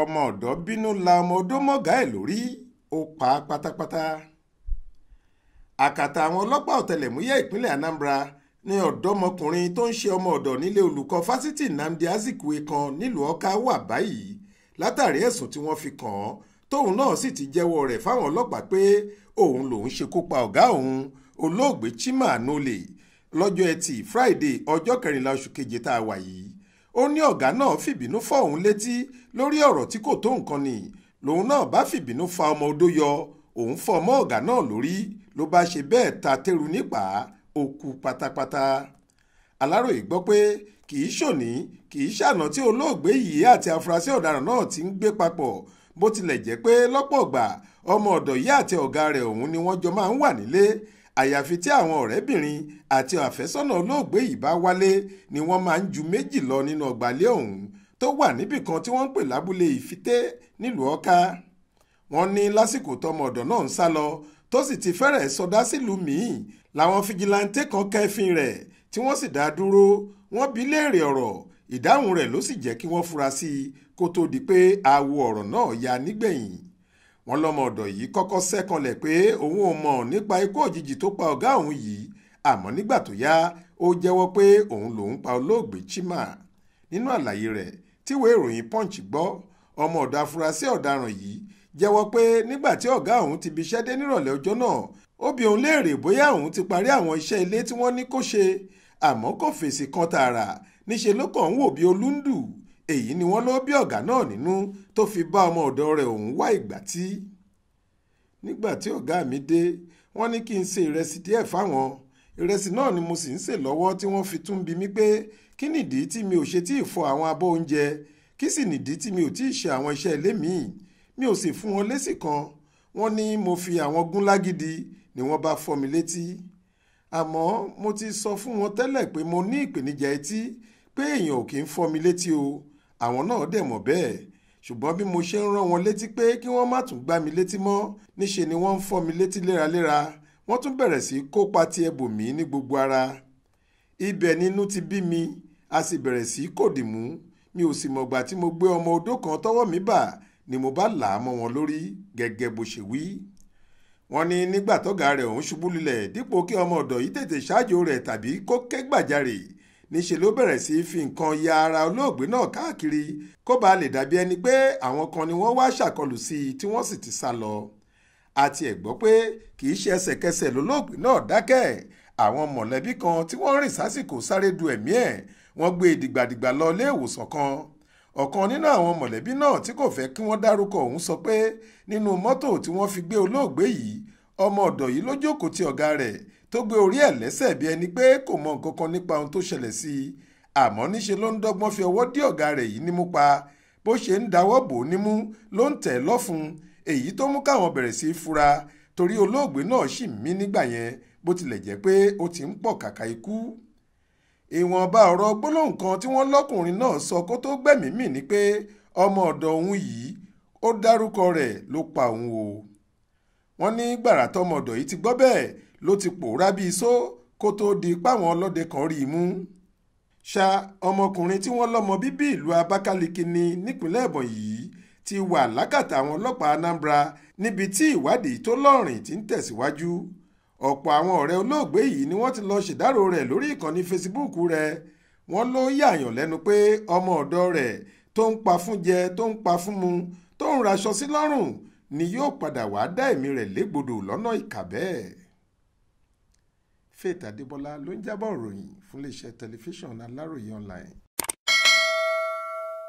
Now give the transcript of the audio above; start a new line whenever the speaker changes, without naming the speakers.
ọmọ ọ̀dọ́ bínú la ọmọ ọdọ́ mọ̀gá ẹ̀ lórí ó pa á pátápátá àkàtà àwọn ọlọ́pàá ọ̀tẹlẹ̀múyẹ́ ìpínlẹ̀ Anambra ni ọ̀dọ́mọkùnrin tó ń ṣe ọmọ ọ̀dọ̀ nílé olùkọ́ fásitì Nnamdi Azikiwe kan nílùú Ọ̀ka wà báyìí látàrí ẹ̀sùn tí wọ́n fi kàn án tóun náà sì ti jẹ́wọ́ rẹ̀ fáwọn ọlọ́pàá pé òun lòun ṣekú pa ọ̀gá òun olóògbé Chima Anole lọ́jọ́ Ẹtì Friday ọjọ́ kẹrìnlá oṣù keje tá a wà yìí ó ní ọ̀gá náà fìbínú fọ́ òun létí lórí ọ̀rọ̀ tí kò tó nǹkan nì lòun náà bá fìbínú fa ọmọ odó yọ òun fọ́ ọmọ ọ̀gá náà lórí ló bá ṣe bẹ́ẹ̀ ta tẹ́rù nípa ó kú pátápátá aláròye gbọ́ pé kì í ṣòní kì í ṣàná tí olóògbé yìí àti afurasí ọ̀daràn náà ti ń gbé papọ̀ bó tilẹ̀ jẹ́ pé lọ́pọ̀ ọ̀gbà ọmọ ọ̀dọ̀ yìí àti ọ̀gá rẹ̀ òun ni wọ́n jọ máa ń wà nílé àyàfi tí àwọn ọ̀rẹ́bìnrin àti àfẹ́sọ́nà olóògbé yìí bá wálé ni wọ́n máa ń ju méjì lọ nínú ọgbàlẹ́ ọ̀hún tó wà níbì kan tí wọ́n ń pè lábúlé ìfité nílùú ọ̀ká wọ́n ní lásìkò tọmọ ọ̀dọ̀ náà ń sá lọ tó sì ti fẹ́rẹ̀ sọdá sílùú míì làwọn fijilantè kan kẹ́fín rẹ̀ tí wọ́n sì dá dúró wọ́n bi léèrè ọ̀rọ̀ ìdáhùn rẹ̀ ló sì jẹ́ kí wọ́n fura sí i kó tó di pé aawo ọ̀rọ̀ náà ya nígbẹ̀yìn wọ́n lọ́mọ ọ̀dọ̀ yìí kọ́kọ́ sẹ́kànlẹ̀ pé òun ò mọ̀ nípa ikú òjijì tó pa ọ̀gá òun yìí àmọ́ nígbà tó yá ó jẹ́wọ́ pé òun lòun pa olóògbé Chima nínú àlàyé rẹ̀ tíwèé ìròyìn Punch gbọ́ ọmọ ọ̀dọ̀ afurasí ọ̀daràn yìí jẹ́wọ́ pé nígbà tí ọ̀gá òun ti biṣẹ́ dé nírọ̀lẹ́ ọjọ́ náà ó bi òun léèrè bóyá òun ti parí àwọn iṣẹ́ ilé tí wọ́n ní kó ṣe àmọ́ kò fèsì kan tààrà níṣe ló kàn wò bí olúndù èyí ni wọ́n ló bí ọ̀gá náà nínú tó fi bá ọmọ ọ̀dọ̀ rẹ̀ òun wá ìgbà tí. nígbà tí ọ̀gá mi dé wọ́n ní kí n ṣe ìrẹsì díẹ̀ fáwọn ìrẹsì náà ni mo sì ń sè lọ́wọ́ tí wọ́n fi tún bi mí pé kí nìdí tí mi ò ṣe tí ì fọ àwọn abọ́ oúnjẹ kí sì nìdí tí mi ò tí ì ṣe àwọn iṣẹ́ ilé míì mi ò sì fún wọn lésì kan wọ́n ní mo fi àwọn gún lágídí ni wọ́n bá fọ́ mi létí àmọ́ mo ti sọ fún wọn tẹ́lẹ̀ pé mo ní ìpèníjà etí pé èèyàn ò kì í fọ́ mi létí o àwọn náà dẹ̀ mọ̀ bẹ́ẹ̀ ṣùgbọ́n bí mo ṣe ń rán wọn létí pé kí wọ́n má tún gbá mi létí mọ́ níṣe ni wọ́n ń fọ́ mi létí léraléra wọ́n tún bẹ̀rẹ̀ sí kópa ti ẹbòmí ní gbogbo ara ibẹ̀ nínú ti bí mi a sì bẹ̀rẹ̀ sí kòdìmú mi ò sì mọ̀gbà tí mo gbé ọmọ odó kan tọ́wọ́ mi bà ni mo bá là á mọ́ wọn lórí gẹ́gẹ́ bó ṣe wí wọ́n ní nígbà tọ́gà rẹ̀ òun ṣubú lulẹ̀ dípò kí ọmọ ọ̀dọ̀ yìí tètè ṣáájú rẹ̀ tàbí kó ké níṣẹ́ ló bẹ̀rẹ̀ sí í fi nǹkan ya ara olóògbé náà káàkiri kó bàa lè dàbí ẹni pé àwọn kan ni wọ́n wá ṣàkọlù sí i tí wọ́n sì ti sá lọ àti ẹ̀ gbọ́ pé kì í ṣe ẹsẹ̀kẹsẹ̀ lólóògbé náà dákẹ́ àwọn mọ̀lẹ́bí kan tí wọ́n rìn sásìkò sáré du ẹ̀mí ẹ̀ wọ́n gbé dìgbàdìgbà lọ ilé ìwòsàn kan ọ̀kan nínú àwọn mọ̀lẹ́bí náà tí kò fẹ́ kí wọ́n dárúkọ òun sọ pé nínú mọ́tò tí wọ́n fi gbé olóògbé yìí ọmọ ọ̀dọ̀ yìí ló ti ọ̀gá rẹ̀ tó gbé orí ẹ̀ lẹ́sẹ̀ bí ẹni pé kò mọ nǹkan kan nípa ohun tó ṣẹlẹ̀ sí i àmọ́ níṣe ló ń dọ́gbọ́n fi ọwọ́ dí ọ̀gá rẹ̀ yìí nímú pa bó ṣe ń dáwọ́ bò ó nímú ló ń tẹ̀ lọ́fun èyí tó mú káwọn bẹ̀rẹ̀ sí í fura torí olóògbé náà ṣì mí nígbà yẹn bó tilẹ̀ jẹ́ pé ó ti ń pọ̀ kàkà ikú ìwọ̀nba ọ̀rọ̀ gbólóhùn kan tí wọ́n lọ́kùnrin náà sọ kó tó gbẹ̀mí mì ni pé ọmọ ọ̀dọ̀ òun yìí ó dárúkọ rẹ̀ ló pa òun o wọ́n ní gbàrà tọmọdọ̀ yìí ti gbọ́ bẹ́ẹ̀ ló ti pòórá bíi só kó tóó di páwọn ọlọ́dẹ kan rí i mú ṣá ọmọkùnrin tí wọ́n lọ́mọ bíbí ìlú Abakaliki ni nípínlẹ̀ Ebonyi ti wà lákàtà àwọn ọlọ́pàá Anambra níbi tí ìwádìí tó lọ́rìn ti ń tẹ̀síwájú ọ̀pọ̀ àwọn ọ̀rẹ́ olóògbé yìí ni wọ́n ti lọ ṣèdárò rẹ̀ lórí ìkànnì Facebook rẹ̀ wọ́n ló yààyàn lẹ́nu pé ọmọ ọ̀dọ̀ rẹ̀ tó ń pa fún jẹ tó ń pa fún mu tó ń raṣọ sí lọ́rùn ni yóò padà wàá dá ẹ̀mí rẹ̀ légbodò lọ́nà ìkà bẹ́ẹ̀. Faith Adébọlá ló ń jábọ̀ ròyìn fún iléeṣẹ́ tẹlifíṣàn Aláròye online.